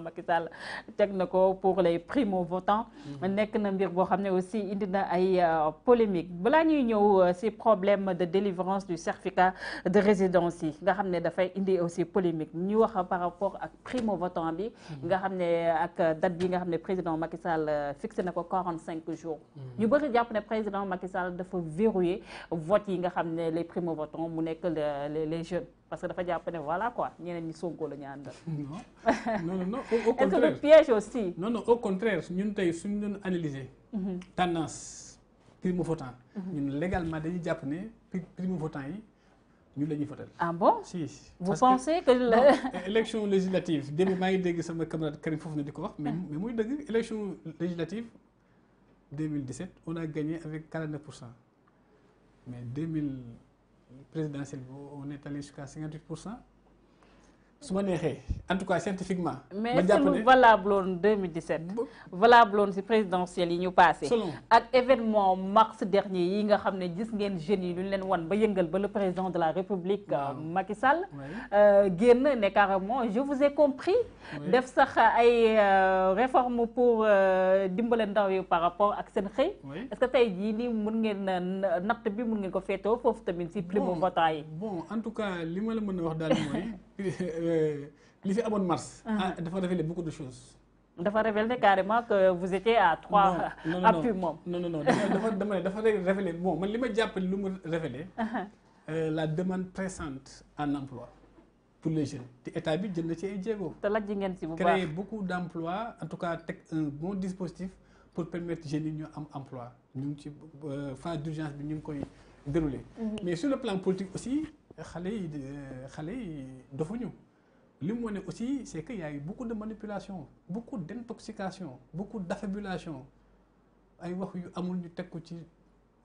Macky Sall teg na ko pour les primo-votants mhm. nekk na mbir boo xam ne aussi indi na ay euh, polémique balaa ñuy ñëw euh, si problème de délivrance du certificat de résidence yi nga xam ne dafay indi aussi polémique ñu wax par rapport ak primo-votant bi mhm. nga xam ne ak date bi nga xam ne président Macky Sall euh, fixé na ko 45 jours mhm. ñu bëri jàpp ne président Macky Sall dafa verrouiller vote yi nga xam ne les primo-votants mu nekk les jeunes parce que dafa jàpp ne voilà quoi ñeneen ñi Sonko la ñu àndal. non non non au contraire est-ce que le piège aussi. non non au contraire ñun tey suñu doon analyser. Mm-hmm. tendance primo-votant. Mm-hmm. ñun légalement dañuy jàpp ne primo-votant yi ñun la ñuy votal. ah bon si vous pensez que la élection législative démb maa ngi dégg sama camarade Karim foofu na di ko wax. mais mais muy dëgg élection législative 2017 on a gagné avec 49 pour cent mais 2000. présidentielle bu on est allé jusqu'à pour cent su ma neexee en tout cas scientifiquement. ma jàpp ne mais valable woon 2017. valable woon si présidentielle yi ñu passé. ak événement mars dernier yi nga xam ne gis ngeen jeunes yi lu ñu leen wan ba yëngal ba le président de la république. Euh, Macky Sall. Euh, génn ne carrément je vous ai compris. def sax ay euh, réforme pour dimbale ndaw yi par rapport ak seen xëy. est-ce que tey jii nii mun ngeen natt bi mun ngeen ko féetoo foofu tamit si primo votant yi. bon en tout cas li ma la mën a wax daal Euh, li fi amoon mars. Ah. Ah, dafa révélé beaucoup de choses. dafa révélé carrément que vous étiez à trois. appui moom non non non dafa dama ne dafa révélé bon man li ma jàpp lu mu révélé. Uh-huh. Euh, la demande pressante en emploi pour les jeunes te état bi jën na ci ay jéego. te la ngeen si bu baax créer beaucoup d' emploi en tout cas teg un bon dispositif pour permettre jeunes yi ñu am emploi ñu ngi ci euh, phase d' urgence bi ñu ngi koy dérouler. Mm-hmm. mais sur le plan politique aussi. xale yi euh, xale yi dofuñu li mu wane aussi c'est que y a eu beaucoup de manipulation beaucoup d'intoxication beaucoup d'affabulation ay wax yu amul ñu teg ko ci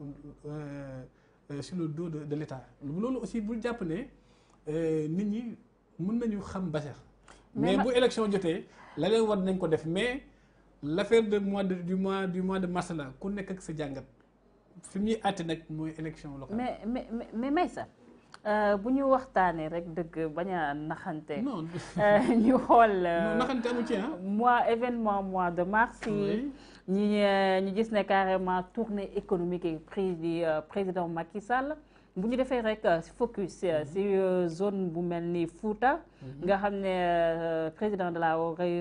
euh, euh, sur le dos de de l'État loolu aussi bul jàpp ne nit ñi mën nañu xam Bachir. mais bu election jotee la leen war nañ ko def mais l'affaire de mois de du mois du mois de mars la ku nekk ak sa jàngat fi muy àtte nag mooy élection locale. mais mais mais Maïssa Euh, bu ñu waxtaanee rek dëgg bañ a naxante. Euh, ñu xool. Euh, naxante amu ci mois événement mois de mars yi. ñu ñu gis ne carrément tournée économique yi prise du président Macky Sall. bu ñu defee rek euh, focus si euh, mm-hmm. euh, zone bu mel ni Fouta. Mm-hmm. nga xam ne président de la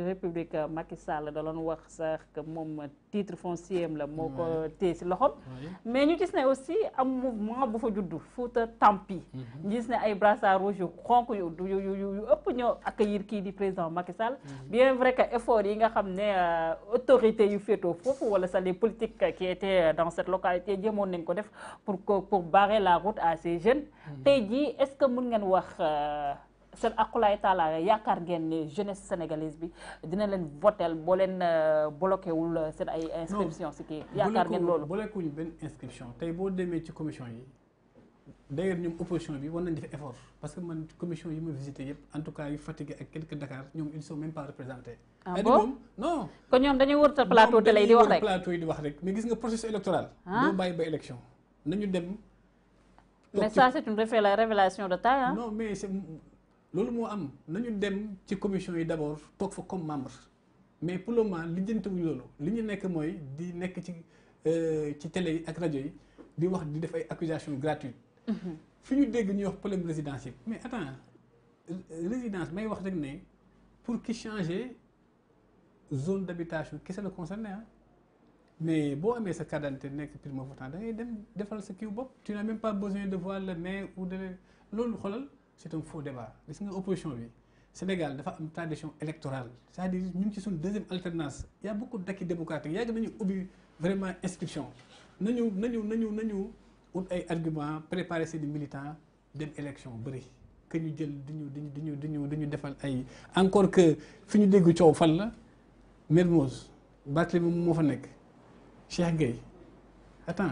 république Macky Sall da doon wax sa que moom titre foncier am la moo ko téye si loxom mais ñu gis ne aussi am mouvement bu fa juddu Fouta Tampi. Mm-hmm. ñu gis ne ay brassards rouges yu xonk yu yu yu ëpp ñoo accueillir kii di président Macky Sall. bien vrai que effort yi nga xam ne autorité yu féetoo foofu wala sa les politiques qui étaient dans cette localité jéemoon nañ ko def pour pour barrer la route. à ces jeunes. Hmm. tey jii est-ce que mun ngeen wax euh, seen akulaay taala yaakaar ngeen ne jeunesse sénégalaise bi dina leen votel boo leen euh, bloqué wul seen ay inscription si kii yaakaar ngeen loolu bloqué wuñ benn inscription tey boo demee ci commission yi d'ailleurs ñoom opposition bi war nañ def effort parce que man commission yi ma visité yëpp en tout cas yu Fatick ak quelques Dakar ñoom ils sont même pas représentés ah wax rek plateau yi di wax rek mais gis nga processus électoral boo ah. bàyyi ba élection nañu dem mais ça c'est une révélation de taille hein? non mais c'est loolu moo am na ñu dem ci commission yi d'abord toog fa comme membre mais pour le moment lijjantewuñu loolu li ñu nekk mooy di nekk ci euh, ci télé yi ak rajo yi di wax di def ay accusations gratuites mhm. fi ñu dégg ñuy wax problème résidence yi mais attends résidence may wax rek ne pour qui changer zone d'habitation qui ça le concerne mais boo amee sa carte d'identité nekk primo votant da ngay dem defal sa kiw bopp tu n'as même pas besoin de voir le nez ou de loolu xoolal c'est un faux débat gis nga opposition bi Sénégal dafa am tradition électoral cest à ñu ngi ci suñu deuxième alternance il y a beaucoup d'acquis démocratiques yàgg nañu ubbi vraiment inscription nañu nañu nañu nañu ut ay argument préparer seen militants dem élection bëri que ñu jël diñu diñu di diñu diñu defal ay encore que fi ñu dégg coow fan la Mermoz Barthélémy moo fa nekk Cheikh Gueye attends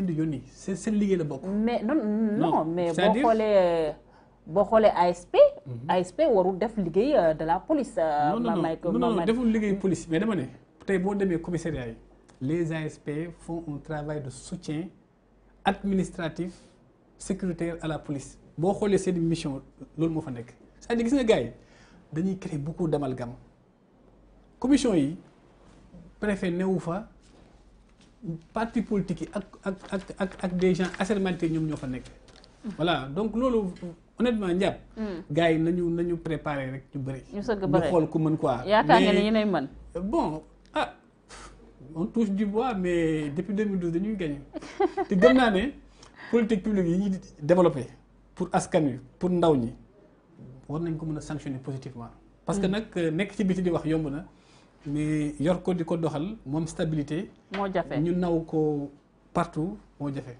leen di yónni seen seen liggéey la bokk. mais non non mais boo xoolee boo xoolee ASP. Mhm. ASP warul def liggéey euh, de la police. Euh, ma may ko non liggéey police mais dama ne tey boo demee commissariat yi les ASP font un travail de soutien administratif sécuritaire à la police boo xoolee seen mission loolu moo fa nekk c'est-à-dire gis nga gars yi dañuy créer beaucoup d'amalgame commission yi préfet newu fa. parti politique yi ak ak ak ak ak des gens assermentés ñoom ñoo fa nekk. voilà donc loolu honnêtement njàpp. Hmm. gars yi nañu nañu préparé rek ñu bëri. ñu sëgg bëri ñu xool ku mën quoi. yaakaar nga ni ñu nay mën. bon ah on touche du bois mais depuis 2012 dañuy gagné te gëm naa ne politique publique yi ñuy développé pour askan wi pour ndaw ñi war nañ ko mën a sanctionner positivement. parce que hmm. nag euh, nekk ci biti di wax yomb na. mais yor ko di ko doxal moom stabilité. moo jafe ñu naw ko partout moo jafe.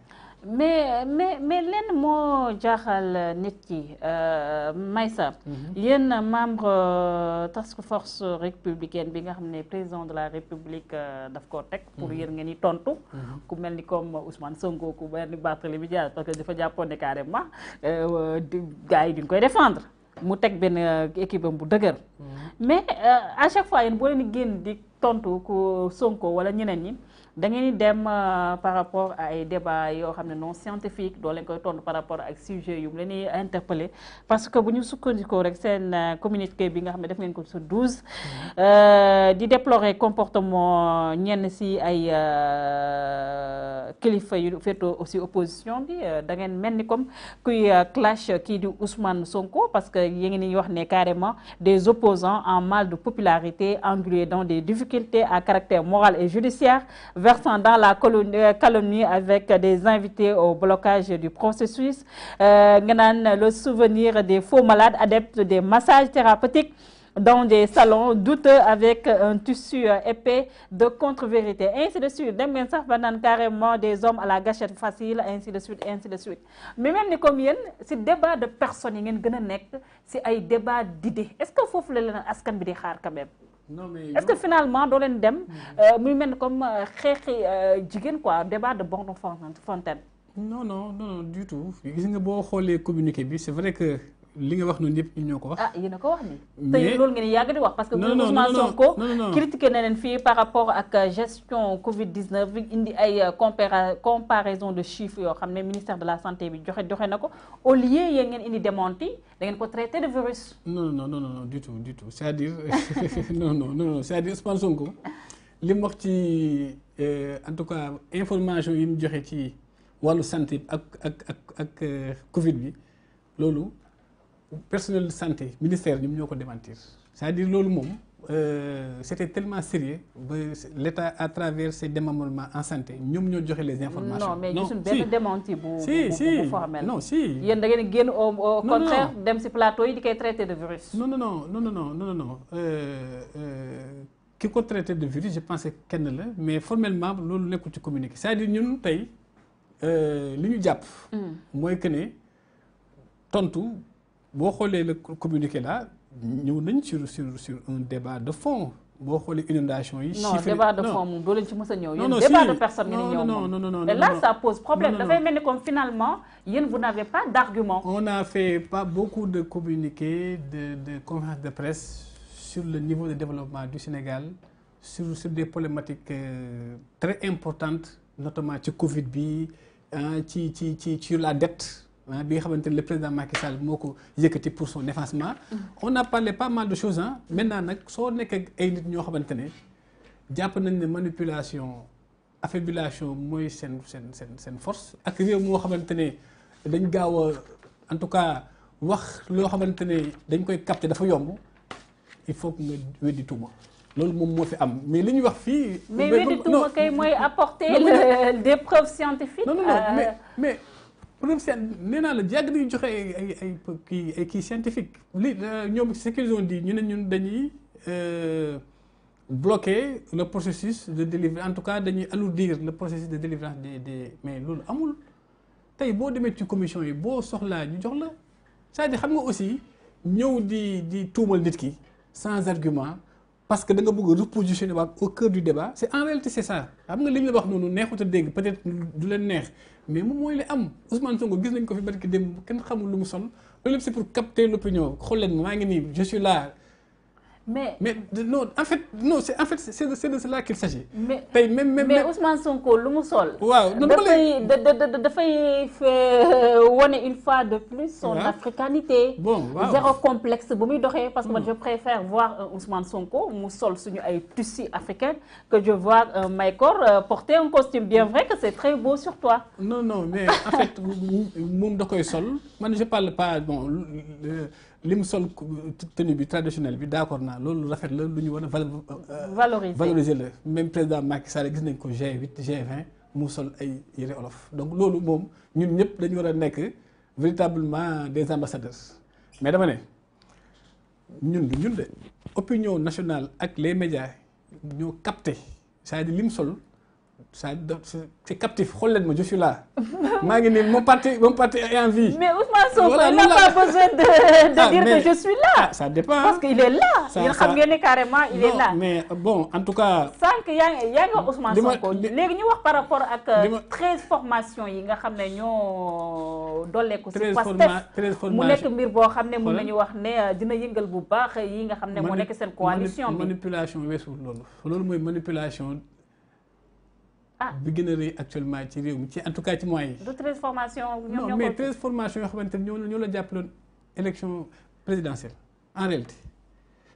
mais mais mais lenn moo jaaxal nit ki euh, Maïssa. Mhm. yéen membre euh, task force républicaine bi nga xam ne président de la république euh, daf koo teg. pour mhm. yéen ngeen ni tontu. Mhm. ku mel ni comme Ousmane Sonko ku mel ni Barthélémy Dias parce que dafa jàppoon ne carrément gars yi duñ koy défendre. mu teg benn euh, équipe am bu dëgër. Mm. mais euh, à chaque fois yéen boo leen di di tontu ku Sonko wala ñeneen ñi. da ngeen dem euh, par rapport ay débat yoo xam ne non scientifique doole leen koy tontu par rapport ak sujet yu mu interpellé parce que bu ñu sukkandikoo rek seen euh, communiqué bi nga xam ne def ngeen ko sur douze mm-hmm. euh, di déplorer comportement ñenn si ay kilifa yu féetoo aussi opposition bi da ngeen mel ni comme kuy clash kii di Ousmane Sonko parce que yéen ngi wax ne carrément des opposants en mal de popularité englués dans des difficultés à caractère moral et judiciaire versant dans la calomnie euh, avec des invités au blocage du processus euh, nga naan le souvenir des faux malades adeptes des massages thérapeutiques dans des salons douteux avec un tissu euh, épais de contre-vérité ainsi de suite dem ngeen sax ba naan carrément des hommes à la gâchette facile ainsi de suite ainsi de suite mi même ni comme yéen si débat de personnes yi ngeen gën a nekk si ay débat d'idées est-ce que foofu la leen askan bi di xaar quand même non mais est-ce que finalement doo leen dem. Hmm. Euh, muy mel comme euh, xeexi euh, jigéen quoi débat de Bordeaux Fontaine. non non non non du tout gis nga boo xoolee communiqué bi c'est vrai que. li nga wax noonu yëpp ñun ñoo ko wax. ah yéen a ko wax nii. tey loolu ngeen yàgg di wax parce que. non non Ousmane Sonko na leen fii par rapport ak euh, gestion Covid 19 bi indi ay euh, compara comparaison de chiffres yoo xam ne ministère de la santé bi joxe joxe na ko au lieu yéen ngeen indi démenti da ko traité de virus. non non non non du tout du tout cest dire non non li mu wax ci euh, en tout cas information yi mu joxe ci wàllu santé ak ak ak ak Covid bi loolu. personnel de santé ministère ñoom ñoo ko démentir cest à loolu moom euh, c'était tellement sérieux ba l'État à travers ses démembrements en santé ñoom ñoo joxe les informations. non mais gisul benn démenti bu bu bu formel. si yéen da génn au au koy traité de virus. non non non non non non non euh, euh, ki ko traité de virus je pense que kenn la mais formellement loolu nekkul ci communiqué c'est-à-dire ñun tey li ñu jàpp. Hmm. mooy que ne tontu. boo xoolee le communiqué là ñëw nañ sur sur sur un débat de fond boo xoolee inondation yi. chiffres non débat de fond moom doo leen ci mës a ñëw. non non débat de personne ngeen ñëw moom et là ça pose problème dafay mel ni comme finalement yéen vous n'avez pas d'argument. on a fait pas beaucoup de communiqués de de conférences de presse sur le niveau de développement du Sénégal sur sur des problématiques euh, très importantes notamment ci Covid bi ci ci ci sur la dette. bi nga xamante ne le président Macky Sall moo ko yëkkati pour son effacement. Mm-hmm. on a parlé pas mal de choses ah. maintenant nag soo nekkee ay nit ñoo xamante ne jàpp nañ ne manipulation affabulation mooy seen seen seen seen force. ak réew moo xamante ne dañ gaaw a en tout cas wax loo xamante ne dañ koy capter dafa yomb il faut que nga weddi tuuma. loolu moom moo fi am mais li ñu wax fii. mais weddi tuuma kay mooy apporter des preuves scientifiques. Euh, mais mais. problème seen nee naa la yàgg nañu joxe ay ay kii kii scientifique li euh, ñoom ce qu'ils ont ñu ne ñun dañuy euh, bloquer le processus de délivrance en tout cas dañuy alourdir le processus de délivrance des des mais loolu amul tey boo demee ci commission yi boo soxlaa ñu jox la cest à xam nga aussi ñëw di di tuumal nit ki sans argument parce que da nga bëgg a repositionner waat au cœur du débat c' est en réalité c' xam nga li la wax noonu neexut a dégg peut être du leen neex mais moom mooy li am Ousmane Sonko gis nañ ko fi barki démb kenn xamul lu mu sol loolu lépp c' pour capter l' opinion xool leen maa ngi nii je suis mais mais non en fait non c'est en fait c'est de c'est de cela qu'il s'agit. mais tey même même mais Ousmane Sonko lu mu sol. waaw noonu dafay da dafay wane une fois de plus. son africanité. bon waaw zéro complexe bu muy doxee. parce que man je préfère voir un Ousmane Sonko mu sol suñu ay tissus africains que je vois un Maykor porter un costume bien vrai que c'est très beau sur toi. non non mais en fait moom da koy sol man je parle pas bon. li mu sol tenue bi traditionnelle bi d'accord naa loolu rafet la lu ñu war a euh, valoriser valoriser la même président Macky Sall gis nañ ko G8 G20 mu sol ay yére olof donc loolu moom ñun ñëpp dañu war a nekk véritablement des ambassadeurs mais dama ne ñun du ñun de opinion nationale ak les médias ñoo capté c'est-à-dire li mu sol ça c'est captif xool leen ma je suis maa ngi nii mon parti moo parti est en vie. mais Ousmane Sonko voilà, il n'a besoin de ah, dire mais, que je ah, parce que il est là. ça yéen xam ngeen carrément il non, est là. mais euh, bon en tout cas. sànq yaa ngi yaa ngi Ousmane léegi ñu wax par rapport ak. Euh, treize formations yi nga xam ne ñoo dolleeku. treize formations si Pastef mu nekk mbir boo xam ne mën ñu wax ne euh, dina yëngal bu baax yi nga xam ne moo nekk seen. coalition bi manipulation weesu loolu loolu mooy manipulation. Ah. bi gën a rëy actuellement ci réew mi ci en tout cas ci moyens yi. du treize formations ñoom ñoo ko non mais treize formations yoo xamante la ñoo la élection présidentielle en réalité.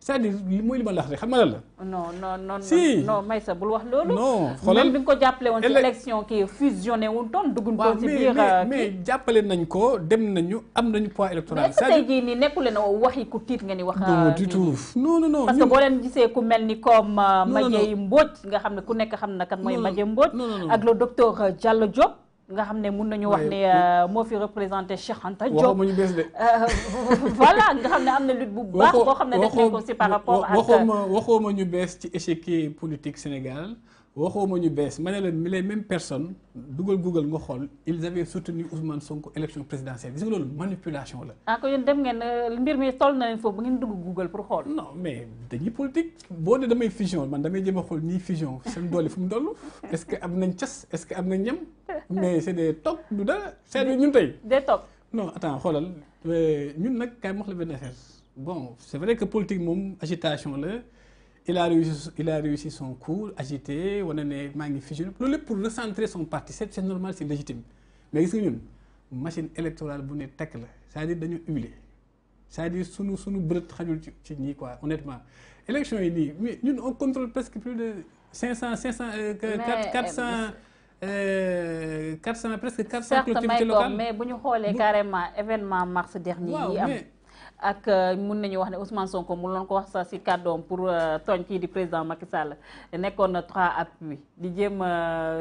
c'est-à-dire li mooy li ma la rek xam nga la. non non non si non bul wax loolu. non xoolal bi nga ko jàppale woon ci élection kii fusionné wu toon dugg ko ci biir mais euh, jàppale nañ ko dem nañu am nañu poids électoral. sa à dire mais est-ce que tey jii nii ku tiit nga ni wax. non euh, du tout non non non. parce boo leen gisee ku mel ni comme. Euh, non non Madieye Mbodj nga xam ne ku nekk xam na kan mooy. Madieye Mbodj ak le docteur Diallo Diop. nga xam ne mun nañu wax ne euh, moo fi représenté Cheikh Anta Diop waxuma ñu bees de. Euh, voilà nga xam ne am na lutte bu baax. boo xam ne def nañ ko si par rapport ak waxuma waxuma ñu bees ci échiquier politique Sénégal. waxuma ñu bees ma ne leen les même personnes dugal google nga xool ils avaient soutenu Ousmane Sonko élection présidentielle gis nga loolu manipulation la. ah ko dem ngeen euh, mbir mi toll na leen foofu ba ngeen dugg google pour xool. non mais dañuy politique boo dee damay fusion man damay jëm a nii fusion seen doole fu mu toll est-ce que am nañ cas est-ce que am nañ ñam mais c'est des toog du dara seetlu ñun tey. des toog non attends xoolal euh, ñun nag kay ma wax la benn affaire bon c'est vrai que politique moom agitation la. il a réussi il a réussi son coup agité wane ne maa ngi fusionné loolu lépp pour recentrer son parti c'est c'est normal c'est légitime mais gis nga ñun machine électorale bu ne tekk la c'est-à-dire dañu huilé c'est-à-dire sunu sunu bërët xajul ci ci ñii quoi honnêtement élection yi nii mais ñun on contrôle presque plus de cinq cent cinq cent euh, quatre cent quatre euh, cent euh, presque quatre cent collectivités locales mais bu ñu xoolee carrément événement mars dernier yi am ak euh, mun nañu wax ne Ousmane Sonko mu loon ko wax sax si kàddoom pour euh, tooñ kii di président Macky Sall nekkoon na trois appuis di jéem a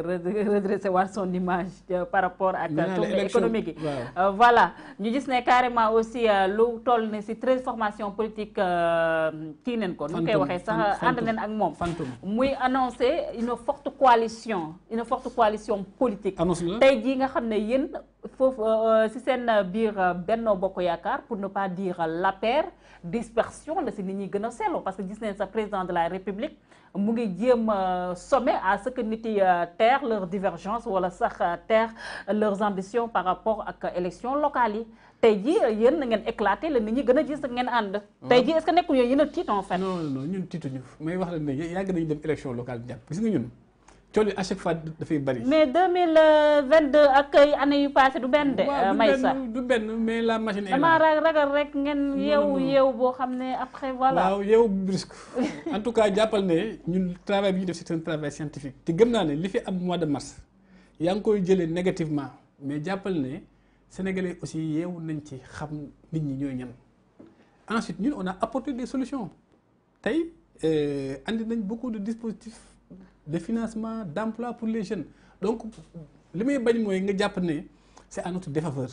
euh, redresser waat son image par rapport ak tournée économique yi voilà ñu gis ne carrément aussi lu toll ne si transformation politique kii neen ko nu koy waxee sax ànd neen ak moom muy annoncé une forte coalition une forte coalition politique tey jii nga xam ne yéen foofu euh, euh, si seen biir euh, Benno Bokk Yaakaar pour ne pas dire l'APR dispersion la si nit ñi gën a seetlu parce que gis neen sa président de la République mu ngi jéem sommet à ce que nit yi taire leur divergence wala sax taire leurs ambitions par rapport ak élection locale yi tey ji yéen na ngeen éclaté la nit ñi gën a gis ngeen ànd tey jii est-ce que nekkul yooyu yéen a tiit en ñun tiituñu may wax la ne yàgg nañu dem élection locale bi gis nga ñun tool yi à chaque dafay bari. mais 2022 ak ay année yu passé du benn de. Maysa du benn mais la machine. est damaa ragal rek ngeen yeewu yeewu boo xam ne après voilà. waaw yeewu brusque en tout cas jàppal ne ñun travail bi ñu def c'est un travail scientifique. te gëm naa ne li fi am mois de mars yaa ngi koy jëlee négativement mais jàppal ne sénégalais aussi yeewu nañ ci xam nit ñi ñooy ñen ensuite ñun on a apporté des solutions euh, nañ beaucoup de dispositifs. de financement d' emploi pour les jeunes donc li may bañ mooy nga jàpp ne c' est à notre défaveur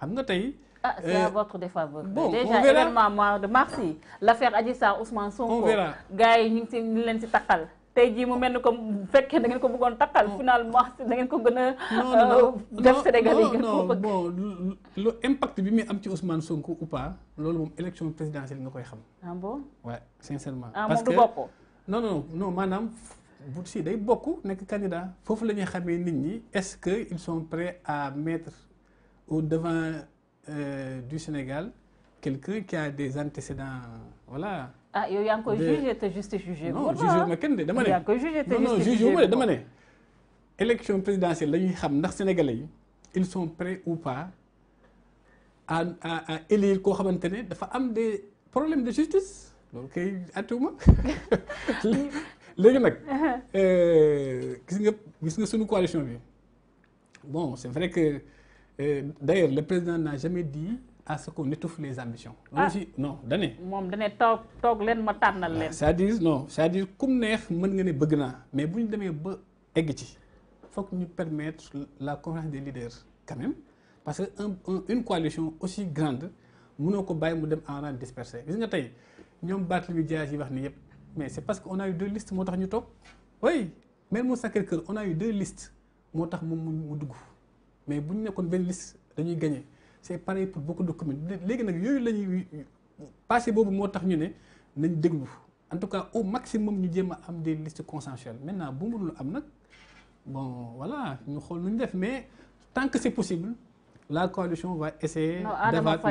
xam nga tey. ah c' est à euh, votre défaveur. bon déjà événement mois de mars yi l' affaire Adji Sarr Ousmane Sonko. yi ñu ngi si ñu leen si takkal. tey jii mu mel ko comme bu fekkee da ngeen ko bëggoon takkal. finalement da ngeen ko gën a. Euh, def Sénégal yi gën ko bëgg. lu impact bi muy am ci Ousmane Sonko ou pas loolu moom élection présidentielle nga koy xam. ah bon waaye sincèrement. que ah moom du bokk. non non non maanaam. bu si day bokk nekk candidat foofu la ñuy xamee nit ñi est-ce que ils sont prêts à mettre au devant euh, du Sénégal quelqu'un qui a des antécédents voilà. ah yow yaa ngi koy jugé te juste jugé. non ma kenn de dama ne. yaa ngi koy jugé non non jugé wu ma de dama ne. élection présidentielle la ñuy xam ndax sénégalais yi ils sont prêts ou pas à à koo xamante ne dafa am des problèmes de justice loolu kay atuma. léegi nag uh-huh. euh, gis nga gis nga suñu coalition bi bon c'est vrai que euh, d'ailleurs le président n'a jamais dit à ce qu'on étouffe les ambitions. ah si non dane moom dane toog toog leen ma tànnal leen. Ah, cest dire non c'est-à-dire kum neex mën nga ne bëgg naa mais bu ñu demee ba egg ci foog ñu permettre la conférence des leaders quand même parce que un, un une coalition aussi grande munoo ko bàyyi mu dem en rang dispersé gis nga tey ñoom mu Dias yi wax ni yëpp. mais c'est parce que on a eu deux listes moo tax ñu toog oui même mu Sacré-Cœur on a eu de list moo tax moom mu dugg mais bu ñu nekkoon benn liste dañuy gagné c'est pareil pour beaucoup de communes léegi nag yooyu la ñuy passé boobu moo tax ñu ne nañ déglu en tout cas au maximum ñu jéem a am des listes consensuelles maintenant bu mënul am nag bon voilà ñu xool nu ñu def mais tant que c'est possible la coalition va essayer d'avoir